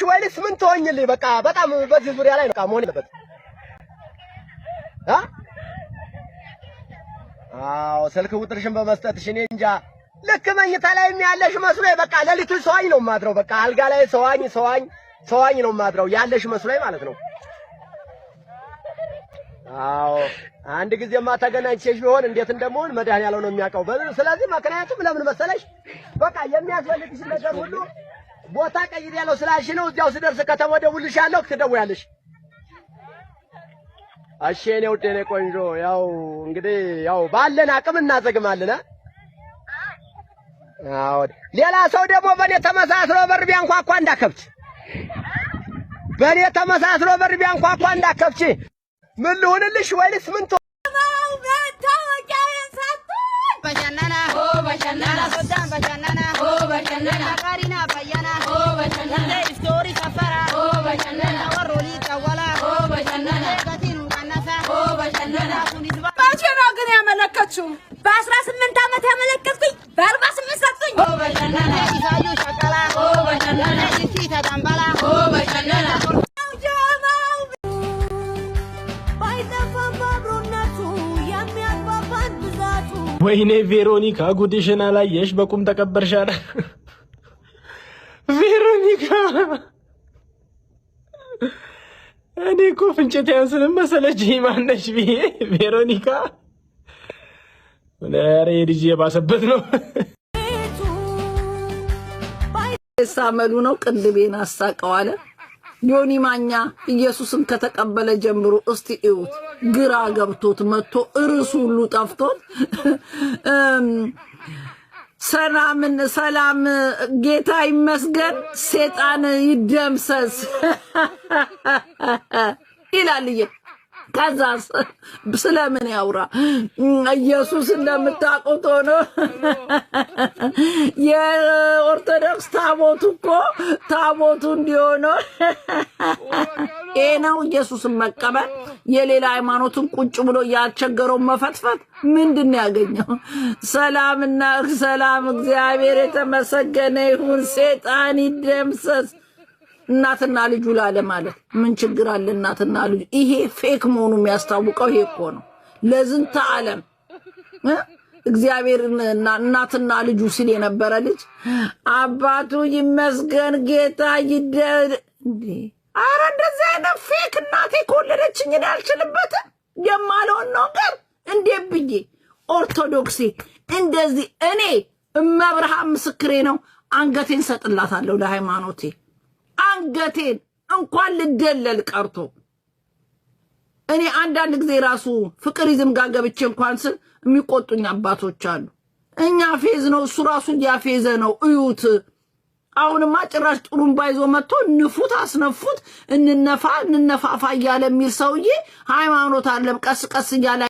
እሺ ወይልስ ምን ትሆኝልኝ? በቃ በጣም በዚህ ዙሪያ ላይ ነው በቃ መሆን ያለበት። አዎ ስልክ ቁጥርሽን በመስጠትሽ እኔ እንጃ ልክ መኝታ ላይ ያለሽ መስሎኝ በቃ ለሊቱ ሰዋኝ ነው ማድረው። በቃ አልጋ ላይ ሰዋኝ ሰዋኝ ሰዋኝ ነው ማድረው ያለሽ መስሎኝ ማለት ነው። አዎ አንድ ጊዜማ ተገናኝቼሽ ቢሆን እንዴት እንደምሆን መድኃኔዓለም ነው የሚያውቀው። ስለዚህ ምክንያቱም ለምን መሰለሽ በቃ የሚያስፈልግሽ ነገር ሁሉ ቦታ ቀይር ያለው ስላልሽ ነው። እዚያው ስደርስ ከተማ ደውልሻለሁ፣ ትደውያለሽ። እሺ የኔ ውድ የኔ ቆንጆ፣ ያው እንግዲህ ያው ባለን አቅም እናዘግማለን። አዎ ሌላ ሰው ደግሞ በእኔ ተመሳስሎ በር ቢያንኳኳ እንዳከብች፣ በእኔ ተመሳስሎ በር ቢያንኳኳ እንዳከብች። ምን ልሁንልሽ ወይስ ምን በሻናና በሻናና Karina Bayana, oh Bashana, Story Safara, oh Bashana, our ነው ግን ያመለከችው በአስራ ስምንት ዓመት ያመለከትኩኝ በአርባ ስምንት ሰጡኝ። ወይኔ ቬሮኒካ ጉድሽን አላየሽ፣ በቁም ተቀበርሻል። ቬሮኒካ እኔ እኮ ፍንጭት ያንስንም መሰለች ማነች ብዬ ቬሮኒካ ኧረ የልጅ የባሰበት ነው። ሳመሉ ነው ቅንድቤን አሳቀው አለ ዮኒ ማኛ ኢየሱስን ከተቀበለ ጀምሮ እስቲ እዩት። ግራ ገብቶት መጥቶ እርሱ ሁሉ ጠፍቶት ሰላምን ሰላም ጌታ ይመስገን፣ ሴጣን ይደምሰስ ይላልዬ ከዛ ስለምን ያውራ? ኢየሱስ እንደምታውቁት ሆኖ የኦርቶዶክስ ታቦቱ እኮ ታቦቱ እንዲሆነ ይህ ነው ኢየሱስን መቀበል። የሌላ ሃይማኖትን ቁጭ ብሎ ያልቸገረውን መፈትፈት ምንድን ያገኘው? ሰላምና ሰላም። እግዚአብሔር የተመሰገነ ይሁን። ሴጣን ይደምሰስ። እናትና ልጁ ላለ ማለት ምን ችግር አለ? እናትና ልጁ ይሄ ፌክ መሆኑ የሚያስታውቀው ይሄ እኮ ነው። ለዝንተ ዓለም እግዚአብሔር እናትና ልጁ ሲል የነበረ ልጅ አባቱ ይመስገን ጌታ ይደ እንዴ! አረ እንደዚህ አይነት ፌክ እናቴ ከወለደችኝ እኔ አልችልበትም የማለውን ነገር እንዴ ብዬ ኦርቶዶክሴ እንደዚህ እኔ እመብርሃን ምስክሬ ነው። አንገቴን ሰጥላታለሁ ለሃይማኖቴ። አንገቴን እንኳን ልደለል ቀርቶ እኔ አንዳንድ ጊዜ ራሱ ፍቅር ይዝም ጋር ገብቼ እንኳን ስል የሚቆጡኝ አባቶች አሉ። እኛ ፌዝ ነው እሱ ራሱ እያፌዘ ነው እዩት። አሁንማ ጭራሽ ጥሩምባ ይዞ መጥቶ ንፉት፣ አስነፉት፣ እንነፋ እንነፋፋ እያለ የሚል ሰውዬ ሃይማኖት አለም ቀስ ቀስ እያለ